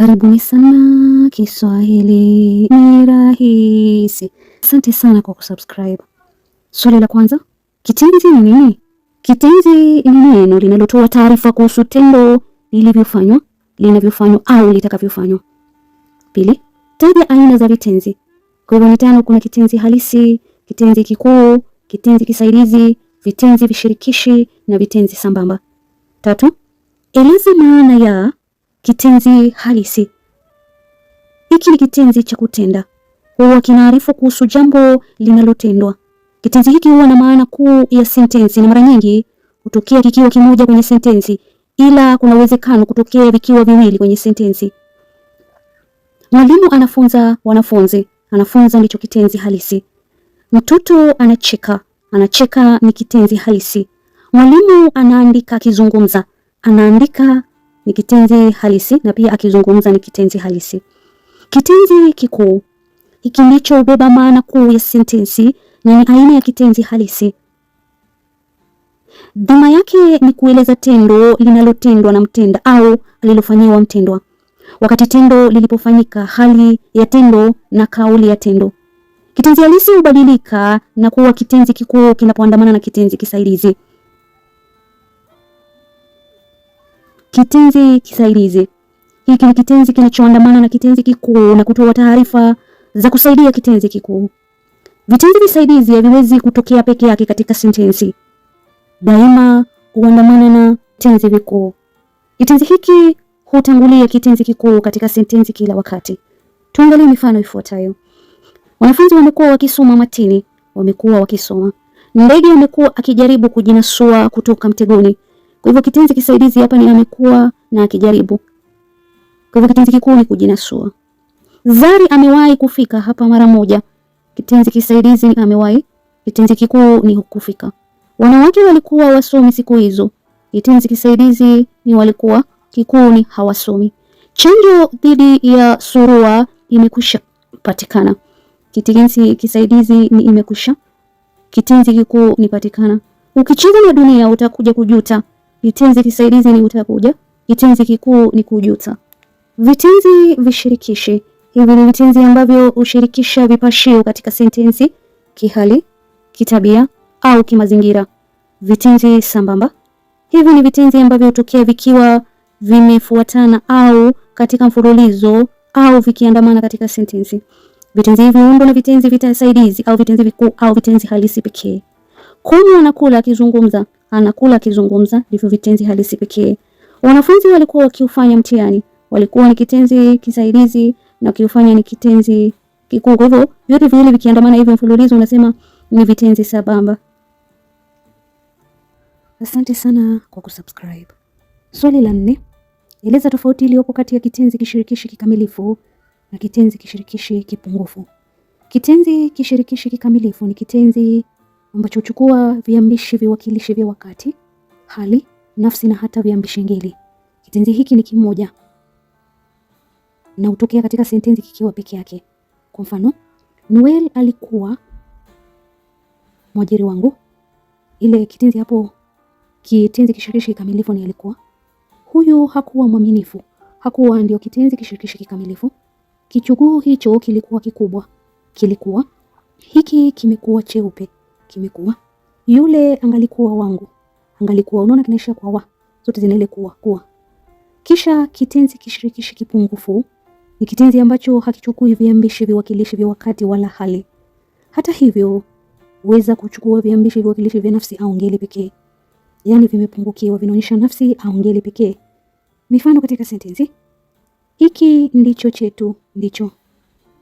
Karibuni sana Kiswahili ni rahisi. Asante sana kwa kusubscribe. Swali la kwanza, kitenzi ni nini? Kitenzi ni neno linalotoa taarifa kuhusu tendo lilivyofanywa, linavyofanywa au litakavyofanywa. Pili, taja aina za vitenzi. Kwa hivyo ni tano, kuna kitenzi halisi, kitenzi kikuu, kitenzi kisaidizi, vitenzi vishirikishi na vitenzi sambamba. Tatu, eleza maana ya Kitenzi halisi. Hiki ni kitenzi cha kutenda, huwa kinaarifu kuhusu jambo linalotendwa. Kitenzi hiki huwa na maana kuu ya sentensi na mara nyingi hutokea kikiwa kimoja kwenye sentensi, ila kuna uwezekano kutokea vikiwa viwili kwenye sentensi. Mwalimu anafunza wanafunzi. Anafunza ndicho kitenzi halisi. Mtoto anacheka. Anacheka ni kitenzi halisi. Mwalimu anaandika akizungumza. Anaandika ni kitenzi halisi na pia akizungumza ni kitenzi halisi. Kitenzi kikuu kinachobeba maana kuu ya sentensi na ni aina ya kitenzi halisi. Dhima yake ni kueleza tendo linalotendwa na mtenda au alilofanyiwa mtendwa, wakati tendo lilipofanyika, hali ya tendo na kauli ya tendo. Kitenzi halisi hubadilika na kuwa kitenzi kikuu kinapoandamana na kitenzi kisaidizi. Kitenzi kisaidizi hiki ni kitenzi kinachoandamana na kitenzi kikuu na kutoa taarifa za kusaidia kitenzi kikuu. Vitenzi visaidizi haviwezi kutokea peke yake katika sentensi, daima huandamana na tenzi vikuu. Kitenzi hiki hutangulia kitenzi kikuu katika sentensi kila wakati. Tuangalie mifano ifuatayo. Wanafunzi wamekuwa wakisoma matini, wamekuwa wakisoma. Ndege amekuwa akijaribu kujinasua kutoka mtegoni. Kwa hivyo kitenzi kisaidizi hapa ni amekuwa na akijaribu. Kwa hivyo kitenzi kikuu ni kujinasua. Zari amewahi kufika hapa mara moja. Kitenzi kisaidizi ni amewahi, kitenzi kikuu ni kufika. Wanawake walikuwa wasomi siku hizo. Kitenzi kisaidizi ni walikuwa, kikuu ni hawasomi. Chanjo dhidi ya surua imekwisha patikana. Kitenzi kisaidizi ni imekwisha, kitenzi kikuu ni patikana. Ukicheza na dunia utakuja kujuta. Kitenzi kisaidizi ni utakuja. Kitenzi kikuu ni kujuta. Vitenzi vishirikishi hivi ni vitenzi ambavyo hushirikisha vipashio katika sentensi kihali, kitabia au kimazingira. Vitenzi sambamba hivi ni vitenzi ambavyo hutokea vikiwa vimefuatana au katika mfululizo au vikiandamana katika sentensi. Vitenzi hivi huundwa na vitenzi vitasaidizi au vitenzi vikuu au vitenzi halisi pekee. Kunywa na kula akizungumza anakula akizungumza ndivyo vitenzi halisi pekee. Wanafunzi walikuwa wakiufanya mtihani, walikuwa ni kitenzi kisaidizi na kiufanya ni kitenzi kikuu. Kwa hivyo vyote viwili vikiandamana hivyo mfululizo unasema ni vitenzi sabamba. Asante sana kwa kusubscribe. Swali la nne, eleza tofauti iliyopo kati ya kitenzi kishirikishi kikamilifu na kitenzi kishirikishi kipungufu. Kitenzi kishirikishi kikamilifu ni kitenzi ambacho huchukua viambishi viwakilishi vya wakati, hali, nafsi na hata viambishi ngili Kitenzi hiki ni kimoja na hutokea katika sentensi kikiwa peke yake. Kwa mfano, Noel alikuwa mwajiri wangu. Ile kitenzi hapo, kitenzi kishirikishi kikamilifu ni alikuwa. Huyu hakuwa mwaminifu. Hakuwa ndio kitenzi kishirikishi kikamilifu. Kichuguu hicho kilikuwa kikubwa, kilikuwa. Hiki kimekuwa cheupe kimekuwa yule angalikuwa wangu angalikuwa. Unaona, kinaisha kwa wa, zote zina ile kuwa kuwa. Kisha kitenzi kishirikishi kipungufu ni kitenzi ambacho hakichukui viambishi viwakilishi vya wakati wala hali. Hata hivyo, weza kuchukua viambishi viwakilishi vya nafsi au ngeli pekee, yaani vimepungukiwa, vinaonyesha nafsi au ngeli pekee. Mifano katika sentensi: hiki ndicho chetu, ndicho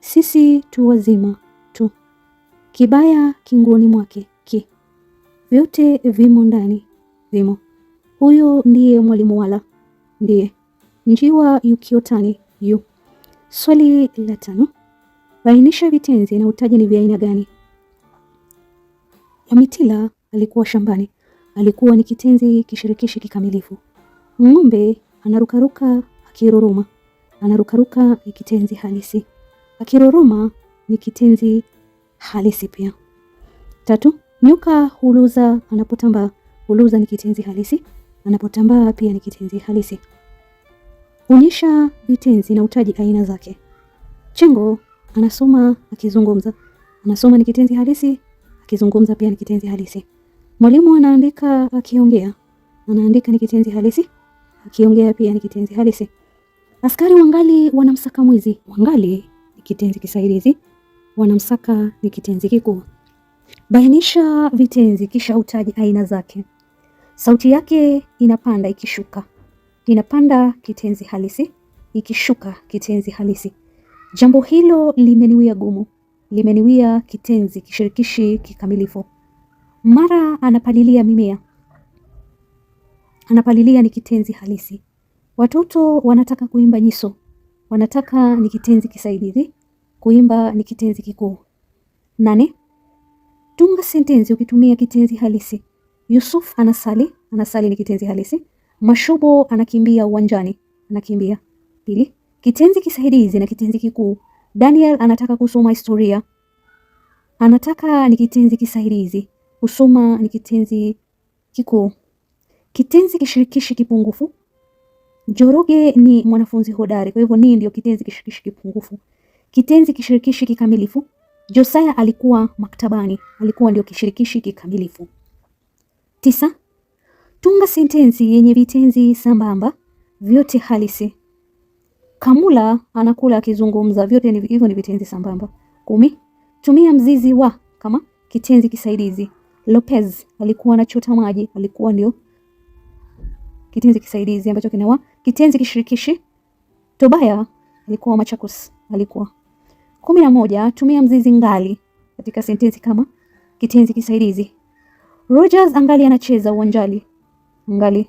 sisi tu, wazima tu, kibaya kinguoni mwake vyote vimo ndani, vimo. Huyo ndiye mwalimu wala ndiye njiwa yukiotani yu. Swali la tano, bainisha vitenzi na utaje ni vya aina gani. Wamitila alikuwa shambani, alikuwa ni kitenzi kishirikishi kikamilifu. Ng'ombe anarukaruka akiroroma, anarukaruka ni kitenzi halisi, akiruruma ni kitenzi halisi pia. Tatu, Nyoka huluza anapotambaa. Huluza ni kitenzi halisi, anapotambaa pia ni kitenzi halisi. Onyesha vitenzi na utaji aina zake. Chengo anasoma akizungumza. Anasoma ni kitenzi halisi, akizungumza pia ni kitenzi halisi. Mwalimu anaandika akiongea. Anaandika ni kitenzi halisi, akiongea pia ni kitenzi halisi. Askari wangali wanamsaka mwizi. Wangali ni kitenzi kisaidizi, wanamsaka ni kitenzi kikuu. Bainisha vitenzi kisha utaje aina zake. Sauti yake inapanda ikishuka. Inapanda kitenzi halisi, ikishuka kitenzi halisi. Jambo hilo limeniwia gumu. Limeniwia kitenzi kishirikishi kikamilifu. Mara anapalilia mimea. Anapalilia ni kitenzi halisi. Watoto wanataka kuimba nyiso. Wanataka ni kitenzi kisaidizi. Kuimba ni kitenzi kikuu. Nane, Tunga sentensi ukitumia kitenzi halisi. Yusuf anasali, anasali ni kitenzi halisi. Mashubo anakimbia uwanjani, anakimbia. Pili, kitenzi kisaidizi na kitenzi kikuu. Daniel anataka kusoma historia. Anataka ni kitenzi kisaidizi, kusoma ni kitenzi kikuu. Kitenzi kishirikishi kipungufu. Joroge ni mwanafunzi hodari, kwa hivyo ni ndio kitenzi kishirikishi kipungufu. Kitenzi kishirikishi kikamilifu Josaya alikuwa maktabani, alikuwa ndio kishirikishi kikamilifu. Tisa, tunga sentensi yenye vitenzi sambamba vyote halisi. Kamula anakula akizungumza, vyote hivyo ni vitenzi sambamba. Kumi, tumia mzizi wa kama kitenzi kisaidizi. Lopez alikuwa anachota maji, alikuwa ndio kitenzi kisaidizi ambacho kinawa kitenzi kishirikishi. Tobaya alikuwa Machakos, alikuwa kumi na moja. Tumia mzizi ngali katika sentensi kama kitenzi kisaidizi. Rogers angali anacheza uwanjani. Ngali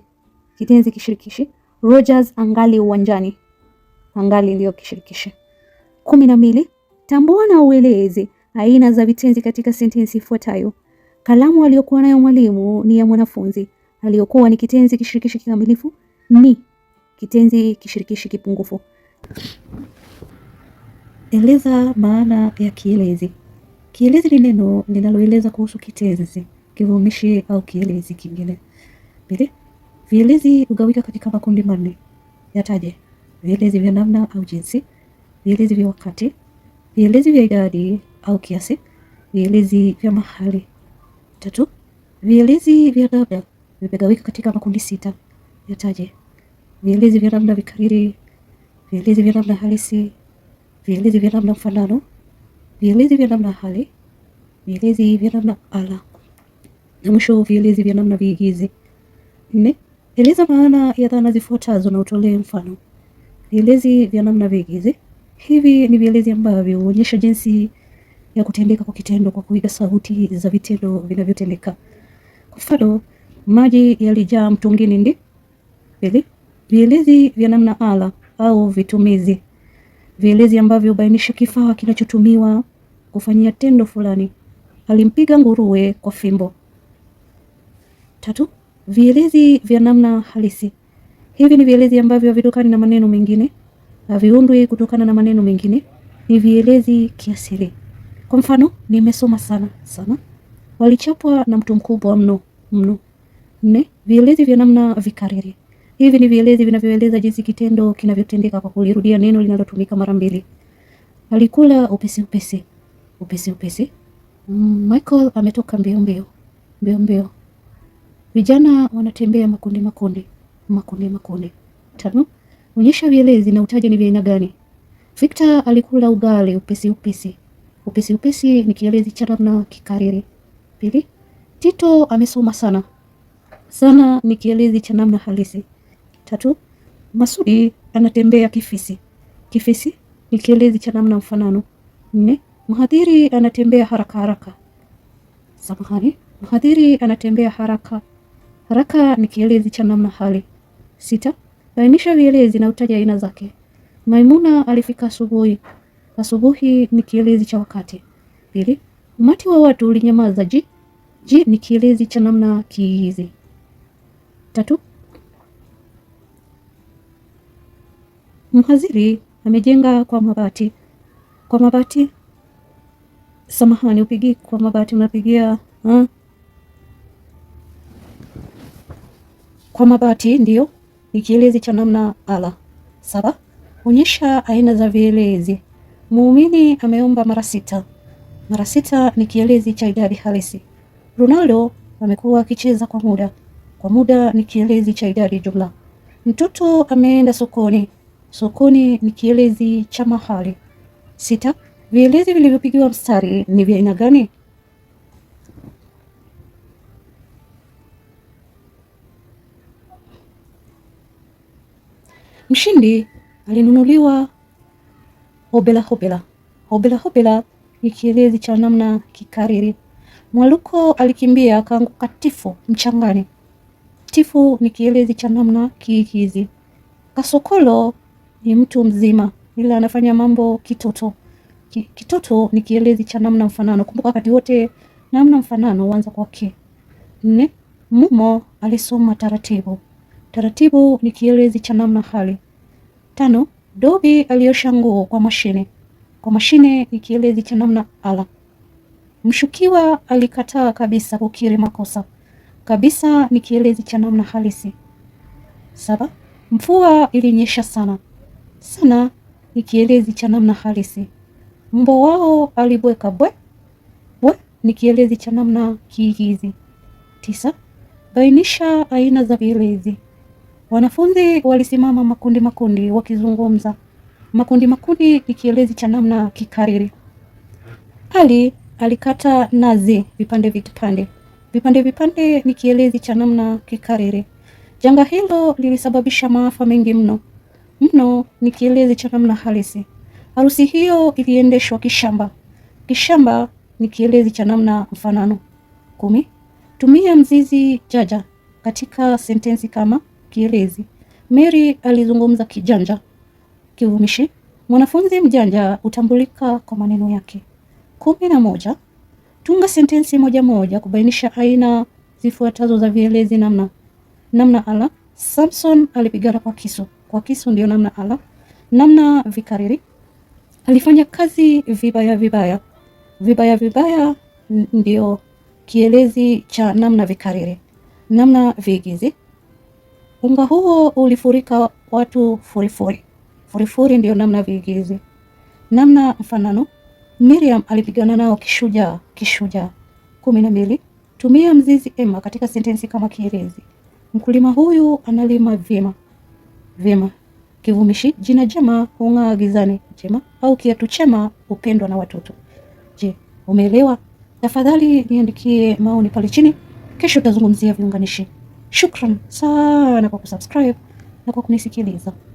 kitenzi kishirikishi. Rogers angali uwanjani. Angali ndio kishirikishi. kumi na mbili. Tambua na ueleze aina za vitenzi katika sentensi ifuatayo. Kalamu aliyokuwa nayo mwalimu ni ya mwanafunzi. Aliyokuwa ni kitenzi kishirikishi kikamilifu, ni kitenzi kishirikishi kipungufu. Eleza maana ya kielezi. Kielezi ni neno linaloeleza kuhusu kitenzi, kivumishi au kielezi kingine. Pili, vielezi hugawika katika makundi manne. Yataje: vielezi vya namna au jinsi, vielezi vya wakati, vielezi vya idadi au kiasi, vielezi vya mahali. Tatu, vielezi vya namna vimegawika katika makundi sita. Yataje: vielezi vya namna vikariri, vielezi vya namna halisi vielezi vinamna mfanano, vielezi vya namna hali, vielezi vya namna ala, na mwisho vielezi vya namna viigizi. Nne, eleza maana ya dhana zifuatazo na utolee mfano. Vielezi vya namna viigizi. Hivi ni vielezi ambavyo huonyesha jinsi ya kutendeka kwa kitendo kwa kuiga sauti za vitendo vinavyotendeka. Kwa mfano, maji yalijaa mtungini. Ndi pili, vielezi vya namna ala au vitumizi vielezi ambavyo hubainisha kifaa kinachotumiwa kufanyia tendo fulani. Alimpiga nguruwe kwa fimbo. Tatu, vielezi vya namna halisi. Hivi ni vielezi ambavyo havitokani na maneno mengine, haviundwi kutokana na maneno mengine, ni vielezi kiasili. Kwa mfano, nimesoma sana sana, walichapwa na mtu mkubwa mno mno. Nne, vielezi vya namna vikariri. Hivi ni vielezi vinavyoeleza jinsi kitendo kinavyotendeka kwa kulirudia neno linalotumika mara mbili. Alikula upesi upesi. Upesi upesi. Michael ametoka mbio mbio. Mbio mbio. Vijana wanatembea makundi makundi. Makundi makundi. Tano. Onyesha vielezi na utaje ni vya aina gani. Victor alikula ugali upesi upesi. Upesi upesi ni kielezi cha namna kikariri. Pili. Tito amesoma sana. Sana ni kielezi cha namna halisi. Tatu, Masudi anatembea kifisi. Kifisi ni kielezi cha namna mfanano. Nne, mhadhiri anatembea haraka haraka. Samahani, mhadhiri anatembea haraka haraka ni kielezi cha namna hali. Sita, bainisha vielezi na utaja aina zake. Maimuna alifika asubuhi. Asubuhi ni kielezi cha wakati. Pili, umati wa watu ulinyamaza. Ji ji ni kielezi cha namna kiizi. Tatu, Mhaziri amejenga kwa mabati, kwa mabati. Samahani, upigi kwa mabati, unapigia ha? Kwa mabati ndiyo, ni kielezi cha namna ala. Saba, onyesha aina za vielezi. Muumini ameomba mara sita. Mara sita ni kielezi cha idadi halisi. Ronaldo amekuwa akicheza kwa muda. Kwa muda ni kielezi cha idadi jumla. Mtoto ameenda sokoni. Sokoni ni kielezi cha mahali. Sita, vielezi vilivyopigiwa mstari ni vya aina gani? Mshindi alinunuliwa hobela hobela. Hobela hobela ni kielezi cha namna kikariri. Mwaluko alikimbia akaanguka tifu mchangani. Tifu ni kielezi cha namna kiikizi. Kasokolo ni mtu mzima, ila anafanya mambo kitoto. Kitoto ni kielezi cha namna mfanano. Kumbuka wakati wote namna mfanano huanza kwa ke. Nne, Mumo alisoma taratibu. Taratibu ni kielezi cha namna hali. Tano, Dobi aliosha nguo kwa mashine. Kwa mashine ni kielezi cha namna ala. Mshukiwa alikataa kabisa kukiri makosa. Kabisa ni kielezi cha namna halisi. Saba, mvua ilinyesha sana sana, ni kielezi cha namna halisi. Mbo wao alibweka bwe bwe ni kielezi cha namna kiigizi. Tisa, bainisha aina za vielezi. Wanafunzi walisimama makundi makundi wakizungumza. Makundi makundi ni kielezi cha namna kikariri. Ali alikata nazi vipande vipande. Vipande vipande ni kielezi cha namna kikariri. Janga hilo lilisababisha maafa mengi mno mno ni kielezi cha namna halisi. Harusi hiyo iliendeshwa kishamba. Kishamba ni kielezi cha namna mfanano. Kumi. Tumia mzizi jaja katika sentensi kama kielezi. Mary alizungumza kijanja. Kivumishi. Mwanafunzi mjanja hutambulika kwa maneno yake. Kumi na moja. Tunga sentensi moja moja kubainisha aina zifuatazo za vielezi namna namna ala: Samson alipigana kwa kisu kwa kisu, ndio namna ala namna vikariri alifanya kazi vibaya vibaya vibaya vibaya, ndio kielezi cha namna vikariri, namna viigizi. Unga huo ulifurika watu furifuri, furifuri ndio namna viigizi, namna mfanano. Miriam alipigana nao kishujaa, kishujaa. kumi na mbili. Tumia mzizi ema katika sentensi kama kielezi: mkulima huyu analima vyema. Vyema. Kivumishi jina jema hung'aa gizani, jema au kiatu chema hupendwa na watoto. Je, umeelewa? Tafadhali niandikie maoni pale chini, kesho utazungumzia viunganishi. Shukran sana kwa kusubscribe na kwa kunisikiliza.